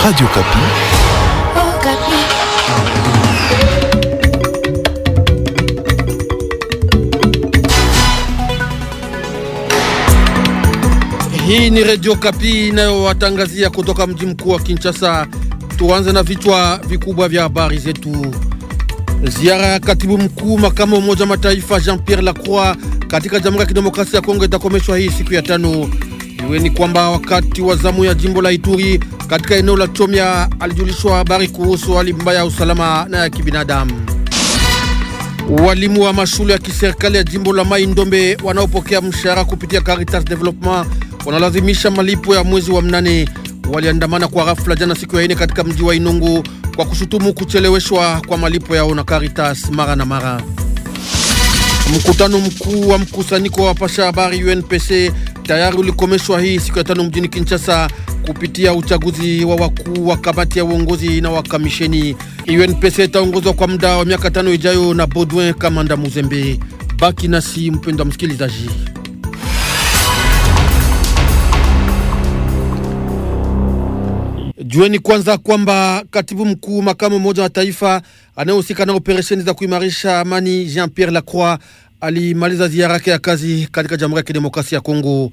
Radio Kapi. Oh, Kapi. Hii ni Radio Kapi inayowatangazia kutoka mji mkuu wa Kinshasa. Tuanze na vichwa vikubwa vya habari zetu. Ziara ya katibu mkuu makamu wa Umoja Mataifa Jean-Pierre Lacroix katika Jamhuri ya Kidemokrasia ya Kongo itakomeshwa hii siku ya tano. iwe ni kwamba wakati wa zamu ya jimbo la Ituri katika eneo la chomia alijulishwa habari kuhusu hali mbaya ya usalama na ya kibinadamu. Walimu wa mashule ya kiserikali ya jimbo la Mai Ndombe wanaopokea mshahara kupitia Caritas Development wanalazimisha malipo ya mwezi wa mnane. Waliandamana kwa ghafla jana siku ya ine katika mji wa Inungu kwa kushutumu kucheleweshwa kwa malipo yao na Caritas mara na mara. Mkutano mkuu wa mkusanyiko wa wapasha habari UNPC tayari ulikomeshwa hii siku ya tano mjini Kinshasa kupitia uchaguzi wa wakuu wa kamati ya uongozi na wa kamisheni. UNPC itaongozwa kwa muda wa miaka tano ijayo na Baudouin Kamanda Muzembe. Baki nasi mpendwa msikilizaji. Jueni kwanza kwamba katibu mkuu makamu mmoja wa taifa anayehusika na operesheni za kuimarisha amani Jean Pierre Lacroix alimaliza ziara yake ya kazi katika Jamhuri ya Kidemokrasia ya Kongo.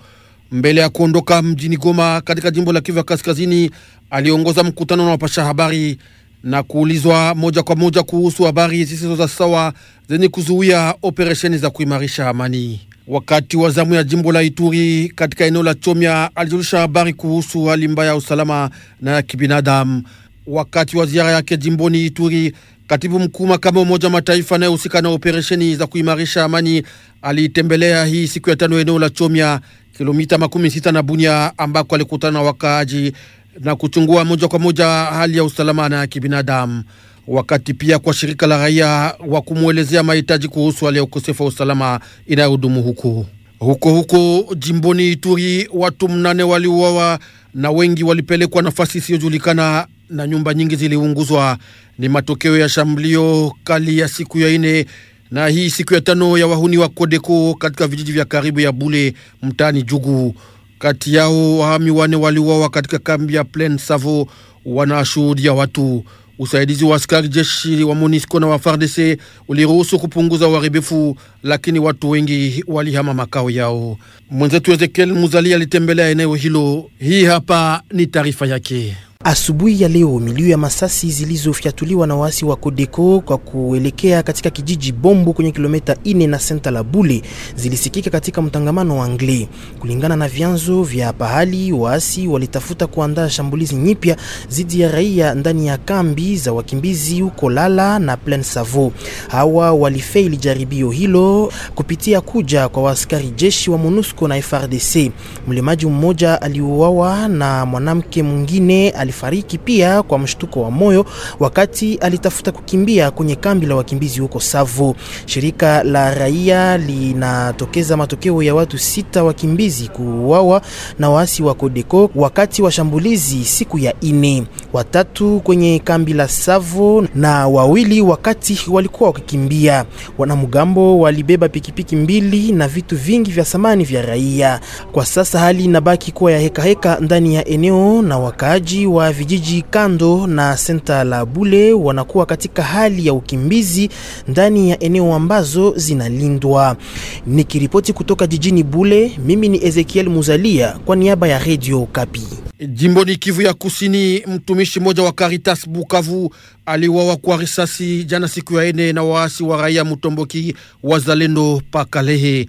Mbele ya kuondoka mjini Goma katika jimbo la Kivu ya Kaskazini, aliongoza mkutano na wapasha habari na kuulizwa moja kwa moja kuhusu habari zisizo za sawa zenye kuzuia operesheni za kuimarisha amani. Wakati wa zamu ya jimbo la Ituri katika eneo la Chomya, alijulisha habari kuhusu hali mbaya ya usalama na ya kibinadamu. Wakati wa ziara yake jimboni Ituri, Katibu mkuu makama Umoja Mataifa anayehusika na operesheni za kuimarisha amani aliitembelea hii siku ya tano eneo la Chomia, kilomita makumi sita na Bunia, ambako alikutana na wakaaji na kuchungua moja kwa moja hali ya usalama na ya kibinadamu, wakati pia kwa shirika la raia wa kumwelezea mahitaji kuhusu hali ya ukosefu wa usalama inayodumu huku huko huko jimboni Ituri. Watu mnane waliuawa na wengi walipelekwa nafasi isiyojulikana na nyumba nyingi ziliunguzwa. Ni matokeo ya shambulio kali ya siku ya ine na hii siku ya tano ya wahuni wa Kodeko katika vijiji vya karibu ya Bule mtaani Jugu. Kati yao wahami wane waliuawa katika kambi ya Plen Savo, wanashuhudia watu. Usaidizi wa askari jeshi wa MONUSCO na wa FARDC uliruhusu kupunguza uharibifu, lakini watu wengi walihama makao yao. Mwenzetu Ezekiel Muzali alitembelea eneo hilo. Hii hapa ni taarifa yake. Asubuhi ya leo milio ya masasi zilizofyatuliwa na waasi wa Kodeko kwa kuelekea katika kijiji Bombo kwenye kilomita ine na senta la Bule zilisikika katika mtangamano wa Angle. Kulingana na vyanzo vya pahali, waasi walitafuta kuandaa shambulizi nyipya dhidi ya raia ndani ya kambi za wakimbizi huko Lala na Plaine Savo. Hawa walifeili jaribio hilo kupitia kuja kwa waskari jeshi wa MONUSCO na FRDC. Mlemaji mmoja aliuawa na mwanamke mwingine alifariki pia kwa mshtuko wa moyo wakati alitafuta kukimbia kwenye kambi la wakimbizi huko Savo. Shirika la raia linatokeza matokeo ya watu sita wakimbizi kuuawa na waasi wa Kodeko wakati wa shambulizi siku ya ine, watatu kwenye kambi la Savo na wawili wakati walikuwa wakikimbia. Wanamgambo walibeba pikipiki mbili na vitu vingi vya samani vya raia. Kwa sasa hali inabaki kuwa ya hekaheka heka ndani ya eneo na wakaaji wa wa vijiji kando na senta la Bule wanakuwa katika hali ya ukimbizi ndani ya eneo ambazo zinalindwa. Nikiripoti kutoka jijini Bule, mimi ni Ezekiel Muzalia kwa niaba ya redio Kapi. Jimboni Kivu ya Kusini, mtumishi mmoja wa Caritas Bukavu aliwawa kwa risasi jana siku ya ene na waasi wa raia Mutomboki wazalendo Pakalehe.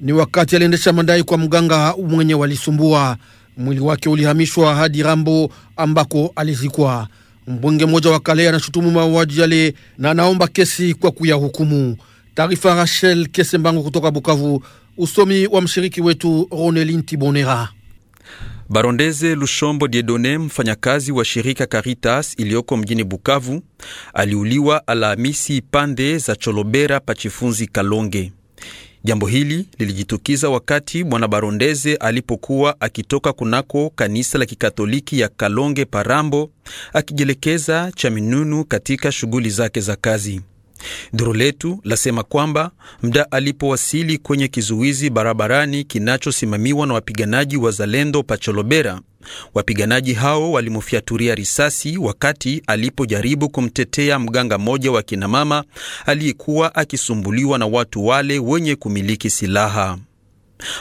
Ni wakati aliendesha mandai kwa mganga mwenye walisumbua Mwili wake ulihamishwa hadi Rambo ambako alizikwa. Mbunge mmoja wa Kale anashutumu mauaji yale na anaomba kesi kwa kuyahukumu. Taarifa Rachel Kesembango kutoka Bukavu, usomi wa mshiriki wetu Ronelin Tibonera. Barondeze Lushombo Diedone, mfanyakazi wa shirika Caritas iliyoko mjini Bukavu, aliuliwa Alhamisi pande za Cholobera pachifunzi Kalonge. Jambo hili lilijitukiza wakati bwana Barondeze alipokuwa akitoka kunako kanisa la kikatoliki ya Kalonge Parambo akijielekeza Chaminunu katika shughuli zake za kazi. Duru letu lasema kwamba mda alipowasili kwenye kizuizi barabarani kinachosimamiwa na wapiganaji wa Zalendo Pacholobera, wapiganaji hao walimfyaturia risasi wakati alipojaribu kumtetea mganga mmoja wa kinamama aliyekuwa akisumbuliwa na watu wale wenye kumiliki silaha.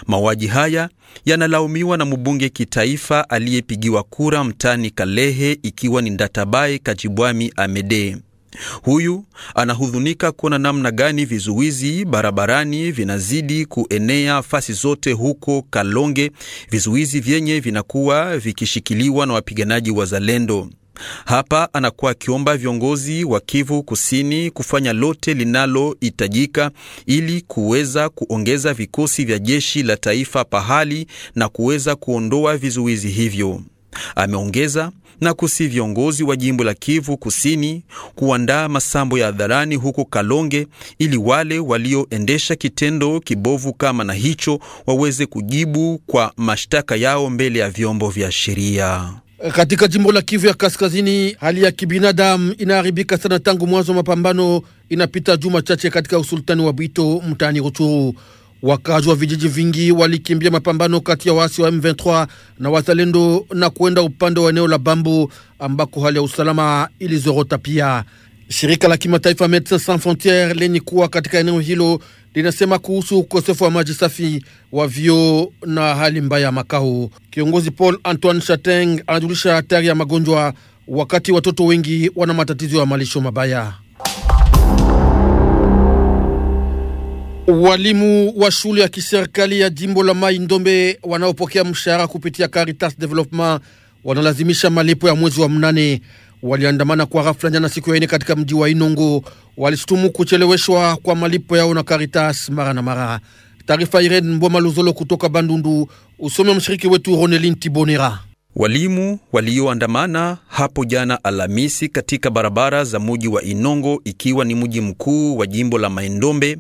Mauaji haya yanalaumiwa na mbunge kitaifa aliyepigiwa kura mtaani Kalehe, ikiwa ni Ndatabaye Kajibwami Amede. Huyu anahudhunika kuona namna gani vizuizi barabarani vinazidi kuenea fasi zote huko Kalonge, vizuizi vyenye vinakuwa vikishikiliwa na wapiganaji wa zalendo Hapa anakuwa akiomba viongozi wa Kivu Kusini kufanya lote linalohitajika ili kuweza kuongeza vikosi vya jeshi la taifa pahali na kuweza kuondoa vizuizi hivyo. Ameongeza na kusi viongozi wa jimbo la Kivu Kusini kuandaa masambo ya hadharani huko Kalonge ili wale walioendesha kitendo kibovu kama na hicho waweze kujibu kwa mashtaka yao mbele ya vyombo vya sheria. Katika jimbo la Kivu ya Kaskazini, hali ya kibinadamu inaharibika sana tangu mwanzo wa mapambano, inapita juma chache katika usultani wa Bwito mtaani Ruchuru. Wakazi wa vijiji vingi walikimbia mapambano kati ya waasi wa M23 na wazalendo na kuenda upande wa eneo la Bambu ambako hali ya usalama ilizorota pia. Shirika la kimataifa Medecins Sans Frontieres lenye kuwa katika eneo hilo linasema kuhusu ukosefu wa maji safi wa vyoo na hali mbaya ya makao. Kiongozi Paul Antoine Chateng anajulisha hatari ya magonjwa wakati watoto wengi wana matatizo ya malisho mabaya. Walimu wa shule ya kiserikali ya jimbo la Mai Ndombe wanaopokea mshahara kupitia Caritas Development wanalazimisha malipo ya mwezi wa mnane. Waliandamana kwa ghafla jana siku ya ine katika mji wa Inongo, walishutumu kucheleweshwa kwa malipo yao na Caritas mara na mara. Taarifa Irene Mboma Luzolo kutoka Bandundu, usome mshiriki wetu Ronelin Tibonera. Walimu walioandamana hapo jana Alhamisi katika barabara za muji wa Inongo, ikiwa ni mji mkuu wa jimbo la Maindombe,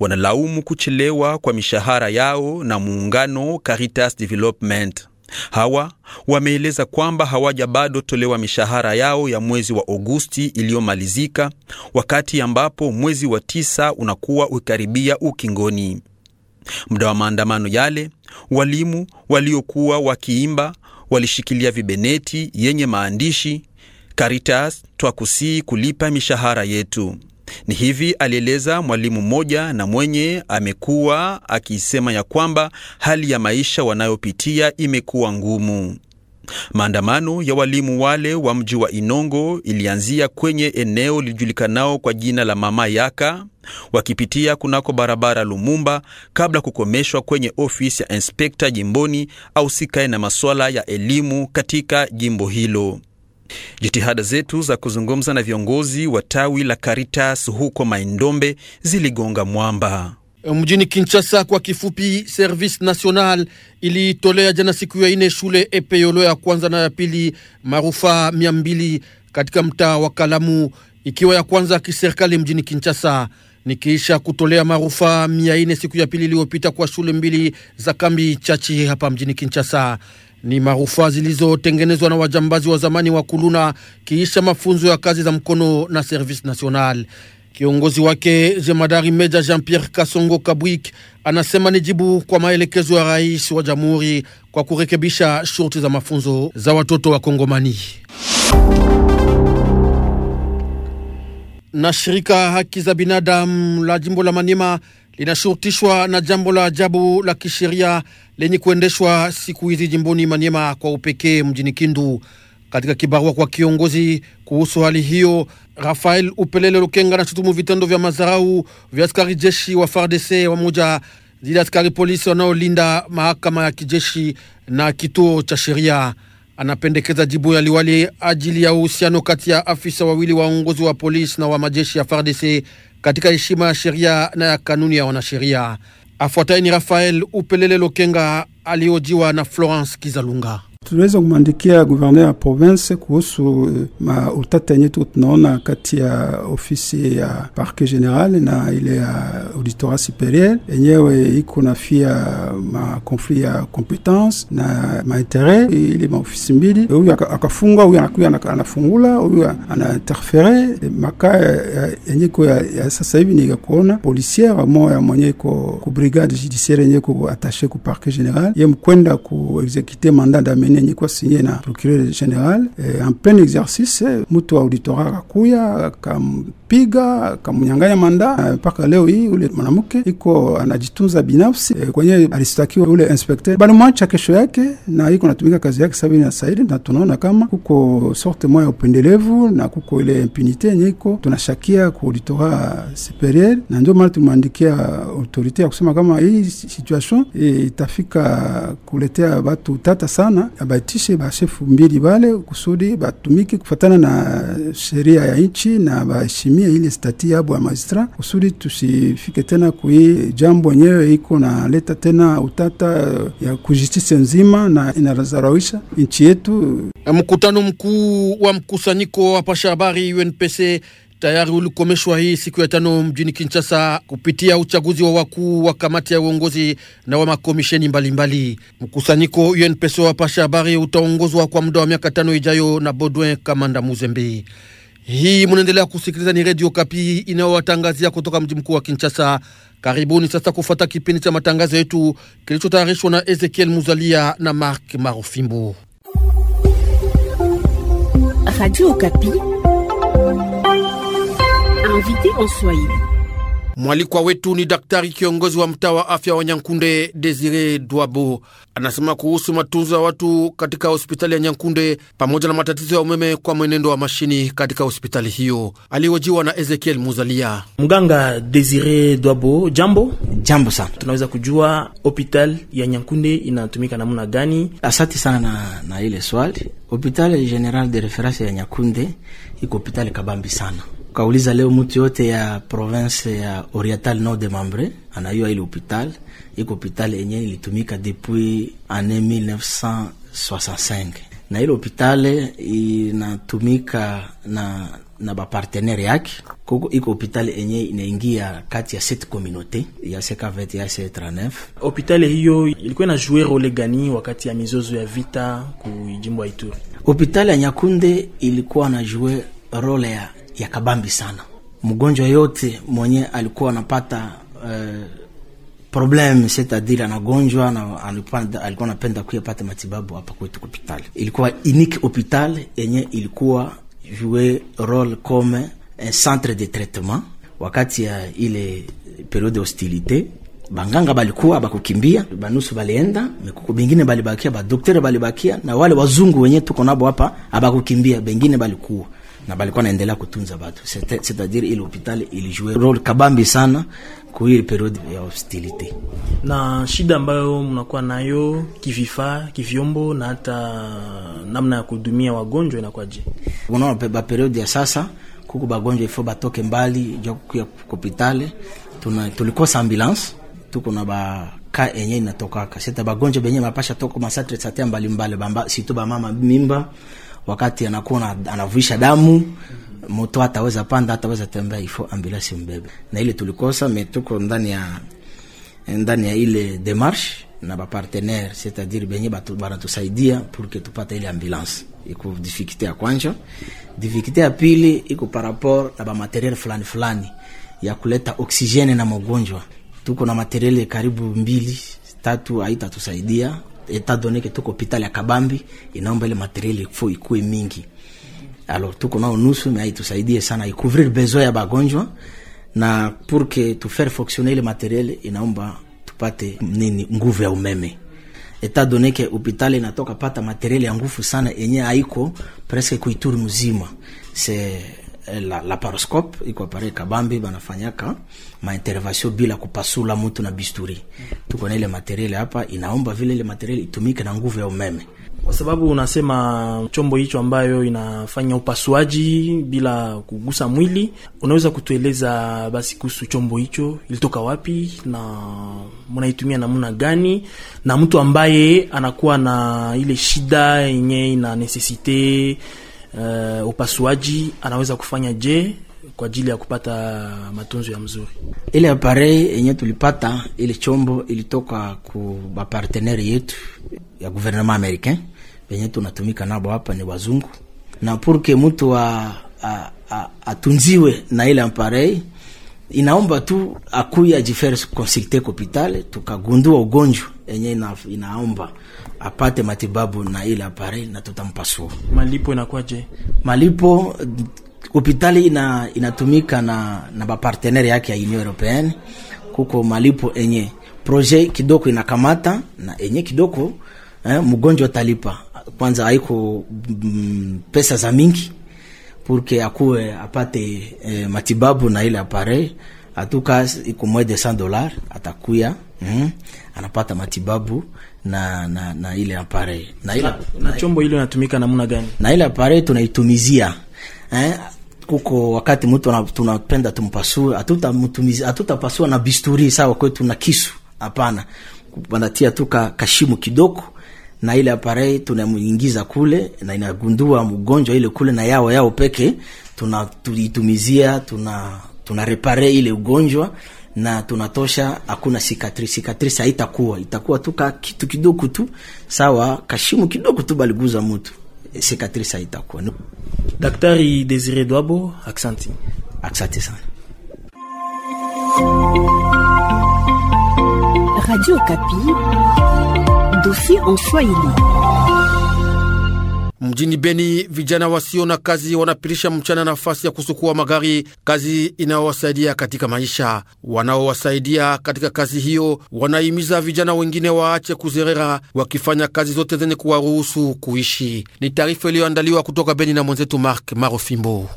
wanalaumu kuchelewa kwa mishahara yao na muungano Caritas Development. Hawa wameeleza kwamba hawaja bado tolewa mishahara yao ya mwezi wa Agosti iliyomalizika, wakati ambapo mwezi wa tisa unakuwa ukaribia ukingoni. Muda wa maandamano yale, walimu waliokuwa wakiimba walishikilia vibeneti yenye maandishi Caritas twakusii kulipa mishahara yetu. Ni hivi alieleza mwalimu mmoja na mwenye amekuwa akisema ya kwamba hali ya maisha wanayopitia imekuwa ngumu. Maandamano ya walimu wale wa mji wa Inongo ilianzia kwenye eneo lilijulikanao kwa jina la Mama Yaka wakipitia kunako barabara Lumumba kabla kukomeshwa kwenye ofisi ya inspekta jimboni au sikae na masuala ya elimu katika jimbo hilo. Jitihada zetu za kuzungumza na viongozi wa tawi la karitas huko Maindombe ziligonga mwamba. E, mjini Kinshasa kwa kifupi, Service National ilitolea jana siku ya ine shule Epeyolo ya kwanza na ya pili marufa mia mbili katika mtaa wa Kalamu, ikiwa ya kwanza kiserikali mjini Kinshasa, nikiisha kutolea marufa mia ine siku ya pili iliyopita kwa shule mbili za kambi chachi hapa mjini Kinshasa. Ni marufaa zilizotengenezwa na wajambazi wa zamani wa Kuluna kiisha mafunzo ya kazi za mkono na Service National. Kiongozi wake jemadari meja Jean-Pierre Kasongo Kabwik anasema ni jibu kwa maelekezo ya rais wa jamhuri kwa kurekebisha shurti za mafunzo za watoto wa Kongomani. Na shirika haki za binadamu la jimbo la Manima linashurutishwa na jambo la ajabu la kisheria lenye kuendeshwa siku hizi jimboni Maniema kwa upekee mjini Kindu. Katika kibarua kwa kiongozi kuhusu hali hiyo, Rafael Upelele Lukenga anashutumu vitendo vya mazarau vya askari jeshi wa FARDC moja dhidi askari polisi wanaolinda mahakama ya kijeshi na kituo cha sheria. Anapendekeza jibu ya liwali ajili ya uhusiano kati ya afisa wawili waongozi wa polisi na wa majeshi ya FARDC katika heshima ya sheria na ya kanuni ya wanasheria. Afuataini Rafael Upelele Lukenga aliojiwa na Florence Kizalunga. tuliweza kumwandikia guverneur ya province kuhusu eh, mautata yenye tu tunaona kati ya ofisi ya parke general na ile ya auditorat superieur yenyewe iko nafia fia makonflit ya competence na mainteret ile maofisi mbili. Eh, huyu akafunga, huyu anakuya anafungula, huyu anainterfere eh, maka yenye ko ya sasa hivi ni ya kuona policiere moya mwenye ko ku brigade judiciaire yenye ko attaché ku parke general ye mkwenda ku exécuter mandat d'amener yenye kwa sinye na procureur general eh, en plein exercice eh, mtu wa auditora akakuya akampiga akamnyang'anya manda eh, mpaka leo hii ule mwanamke iko anajitunza binafsi e, kwenye alistakiwa ule inspecteur mwacha kesho yake na iko natumika kazi yake sabini na saidi, na tunaona kama kuko sorte moya ya upendelevu na kuko ile impunite yenye iko tunashakia ku auditora superieur, na ndio maana tumeandikia autorite ya kusema kama hii situation itafika kuletea batu tata sana abatishe bashefu mbili bale kusudi batumike kufatana na sheria ya nchi na baheshimie ile stati yabo ya magistra kusudi tusifike tena kui jambo yenyewe iko naleta tena utata eh, ya kujustisi nzima na inazarawisha nchi yetu. Mkutano mkuu wa mkusanyiko wa pasha habari UNPC tayari ulikomeshwa hii siku ya tano mjini Kinshasa kupitia uchaguzi wa wakuu wa kamati ya uongozi na wa makomisheni mbalimbali. Mkusanyiko UNPSO wapasha habari utaongozwa kwa muda wa miaka tano ijayo na Baudouin Kamanda Muzembe. Hii munaendelea kusikiliza, ni Radio Kapi inayowatangazia kutoka mji mkuu wa Kinshasa. Karibuni sasa kufuata kipindi cha matangazo yetu kilichotayarishwa na Ezekiel Muzalia na Mark Marofimbo. Radio Kapi invité en Swahili. Mwalikwa wetu ni daktari kiongozi wa mtaa wa afya wa Nyankunde, Desire Dwabo. Anasema kuhusu matunzo ya watu katika hospitali ya Nyankunde pamoja na matatizo ya umeme kwa mwenendo wa mashini katika hospitali hiyo. Alihojiwa na Ezekiel Muzalia. Mganga Desire Dwabo, jambo jambo sana. Tunaweza kujua hospitali ya Nyankunde inatumika namna gani? Asante sana na, na ile swali. Hospitali general de reference ya Nyankunde iko hospitali kabambi sana ukauliza leo mtu yote ya province ya Oriental Nord de Mambre anayua ile hopital iko hopital yenyewe ilitumika depuis année 1965 na ile hopital inatumika na na bapartenere yake koko iko hopital enye inaingia kati ya set communauté ya CK20 ya C39. Hopital hiyo ilikuwa na jouer role gani wakati ya mizozo ya vita ku jimbo ya Ituri? Hopital ya Nyakunde ilikuwa na jouer role ya ya kabambi sana. Mgonjwa yote mwenye alikuwa anapata eh, problem setadiri anagonjwa na alipanda, alikuwa anapenda kuyapata matibabu hapa kwetu hospitali. Ilikuwa unique hospital yenye ilikuwa jouer role comme un centre de traitement wakati ya ile periode hostilite banganga balikuwa bakukimbia, banusu balienda mikuku, bengine balibakia, badoktere balibakia, na wale wazungu wenye tuko nabo hapa abakukimbia, bengine balikuwa na balikuwa naendelea kutunza batu, c'est-à-dire ile hopital ilijue role kabambi sana kuili periode ya hostilite. Na shida ambayo mnakuwa nayo kivifaa, kivyombo na hata namna ya kuhudumia wagonjwa inakwaje? Unaona, ba periode ya sasa kuku bagonjwa ifo batoke mbali ja kukuya kopitale, tulikosa ambulance, tuko na ba ka enye inatokaka seta bagonjwa benye mapasha toko masatre satea mbalimbali, bamba situ bamama mimba wakati anakuwa anavuisha damu moto hataweza panda, hataweza tembea, ifo ambulance mbebe. Na ile tulikosa metuko ndani ya ndani ya ile demarche na ba partenaire c'est-à-dire benye batu banatusaidia pour que tupate ile ambulance. Iko difficulté ya kwanza, difficulté ya pili iko par rapport na ba materiel fulani fulani ya kuleta oksijeni na mgonjwa. Tuko na materiel karibu mbili tatu haitatusaidia etat ke tuko hopital ya Kabambi inaomba ile materiel ifo ikue mingi. Alors tuko nao nusu na itusaidie sana ikouvrir besoin ya bagonjwa na pour que tu faire fonctionner ile materiel inaomba tupate nini nguvu ya umeme. Etat donne ke hopital inatoka pata materiel ya nguvu sana yenye haiko presque kuituru mzima. C'est Eh, la, la paroscope iko pare kabambi banafanyaka ma intervention bila kupasula mtu na bisturi. Tuko na ile materiel hapa, inaomba vile ile materiel itumike na nguvu ya umeme, kwa sababu unasema chombo hicho ambayo inafanya upasuaji bila kugusa mwili. Unaweza kutueleza basi kuhusu chombo hicho, ilitoka wapi na mnaitumia namna gani, na mtu ambaye anakuwa na ile shida yenyewe ina nesesite uh, upasuaji anaweza kufanya je kwa ajili ya kupata matunzo ya mzuri. Ile aparei yenye tulipata ile chombo ilitoka ku baparteneri yetu ya gouvernement americain yenye tunatumika nabo hapa ni wazungu, na purke mtu atunziwe na ile aparei inaomba tu akuye ajifere consulte hospitali, tukagundua ugonjwa enye ina, inaomba apate matibabu na ile apare na tutampasua. Malipo inakwaje? Malipo hopitali ina, inatumika na, na bapartenere yake ya Union Europeenne. Kuko malipo enye projet kidogo inakamata na enye kidogo eh, mgonjwa talipa kwanza, haiko mm, pesa za mingi purke akuwe apate eh, matibabu na ile aparei atuka iko mwe de 100 dollars atakuya mm, anapata matibabu na na, na ile aparei na ile na, na, chombo ile inatumika namna gani? Na ile aparei tunaitumizia eh, kuko wakati mtu tunapenda tumpasue, hatutamtumizia hatutapasua na bisturi sawa kwetu na kisu, hapana, wanatia tuka kashimu kidogo na ile aparei tunamuingiza kule na inagundua mgonjwa ile kule na yao yao peke tunaitumizia tuna tuna repare ile ugonjwa na tunatosha, hakuna cicatrice. Cicatrice haitakuwa itakuwa tu kitu kidogo tu, sawa kashimu kidogo tu baliguza mtu, cicatrice e, haitakuwa. Daktari Desire Dwabo, aksanti, asante sana. Radio Kapi dossier en Swahili. Mjini Beni, vijana wasio na kazi wanapilisha mchana nafasi ya kusukua magari, kazi inayowasaidia katika maisha. Wanaowasaidia katika kazi hiyo wanahimiza vijana wengine waache kuzerera, wakifanya kazi zote zenye kuwaruhusu kuishi. Ni taarifa iliyoandaliwa kutoka Beni na mwenzetu Mark Marofimbo.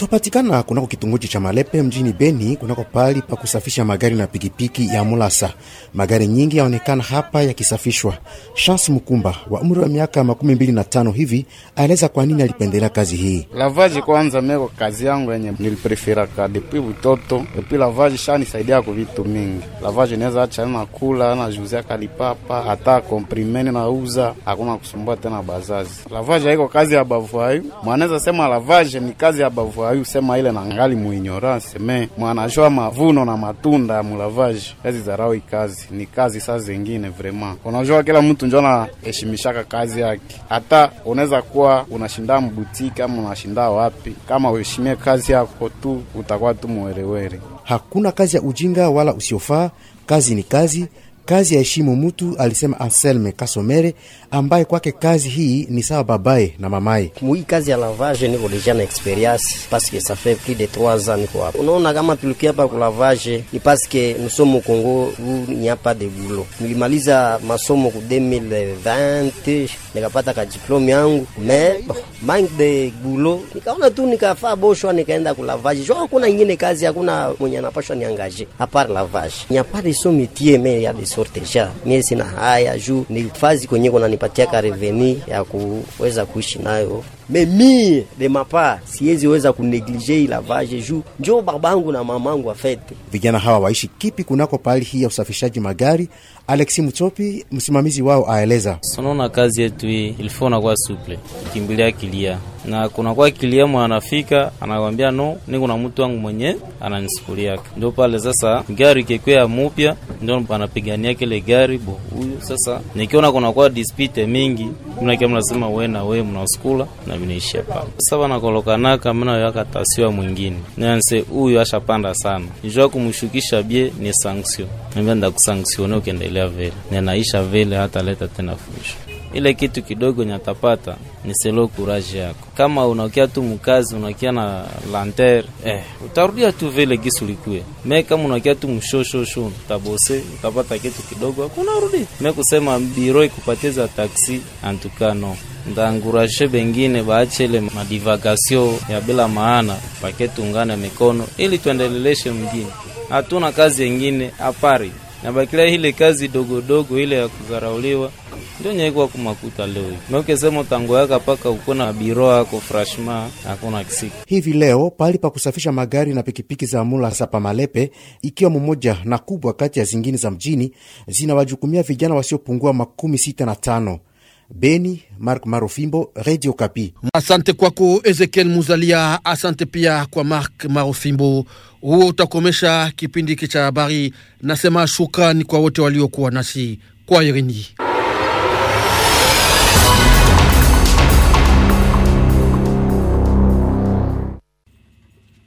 Twapatikana kunako kitongoji cha Malepe mjini Beni, kunako pali pa kusafisha magari na pikipiki ya Mulasa. Magari nyingi yaonekana hapa yakisafishwa. Chance Mkumba wa umri wa miaka makumi mbili na tano hivi aeleza kwa nini alipendelea kazi hii. Lavaji kwanza, meko kazi yangu yenye nilipreferaka depuis utoto, epi lavaji shanisaidia ku vitu mingi. Lavaji naweza acha na kula na juzia kalipapa, hata komprimeni nauza, hakuna kusumbua tena bazazi. Lavaji haiko kazi ya bavuai, mwanaweza sema lavaji ni kazi ya bavuai ayu sema ile na ngali muinyora seme mwanajua mavuno na matunda ya mulavaji kazi zarao, kazi ni kazi saa zingine vraiment, unajua kila mtu njo heshimishaka kazi yake. Hata unaweza kuwa unashinda mbutiki ama unashinda wapi, kama uheshimie kazi yako tu utakuwa tu mwerewere. Hakuna kazi ya ujinga wala usiofaa, kazi ni kazi kazi ya heshimu mutu, alisema Anselme Kasomere, ambaye kwake kazi hii ni sawa babaye na mamaye. Mui kazi ya lavage niko deja na experience paske ça fait plus de 3 ans niko hapa. Unaona kama tulikia hapa kulavage ni paske nusomo Kongo ni hapa de bulo. Nilimaliza masomo ku 2020 nikapata ka diplome yangu mais manque de boulot, nikaona tu nikafaa boshwa, nikaenda kulavage jo. Hakuna ingine kazi, hakuna mwenye anapashwa niangaje apart lavage, ni apart so métier mais ya de so kujisorteja. Mie sina haya juu ni fazi kwenye ka reveni ya kuweza kuishi nayo memie de mapa siwezi weza kuneglige ilavage ju njo babangu na mamangu afete. Vijana hawa waishi kipi kunako pahali hii ya usafishaji magari? Alexi Mtopi, msimamizi wao, aeleza: sonona kazi yetu hii ilifona kwa suple kimbilia kilia na kunakuwa kiliemu anafika anakwambia no, niko na mtu wangu mwenye yake Ndio pale sasa gari ya mupya, ndio anapigania kile gari bo huyu. Sasa nikiona kunakuwa dispute mingi, mnake mnasema we na we mnausukula na vinaishia pale. Sasa vanakolokanaka mnayoakatasiwa mwingine nanse huyu ashapanda sana, njua kumshukisha bie ni sanction, nambia ndakusanktione ukiendelea vile nenaisha vile, hata leta tena fujo ile kitu kidogo nyatapata ni selo kuraji yako. Kama unakia tu mkazi, unakia na lanter eh, utarudia tu vile gisi ulikuya me. Kama unakia tu mshoshosho, utabose utapata kitu kidogo, hakuna rudi me kusema biro ikupatiza taksi antukano ndangurashe bengine baachele ile madivagasio ya bila maana, pake tungane mikono ili tuendeleleshe mgini. Hatuna kazi yengine apari nabakila ile kazi dogo dogo ile ya kuzarauliwa ndio nyeikwa kumakuta leo hivi meukesema yaka paka ukona biro yako frashma hakuna kisiki hivi leo pali pa kusafisha magari na pikipiki za mula sapa malepe ikiwa mmoja na kubwa kati ya zingine za mjini zinawajukumia vijana wasiopungua makumi sita na tano Beni, Mark Marofimbo, Radio Kapi. Asante kwako Ezekiel Muzalia, asante pia kwa Mark Marofimbo. Huo utakomesha kipindi hiki cha habari. Nasema shukrani kwa wote waliokuwa nasi kwa Irini.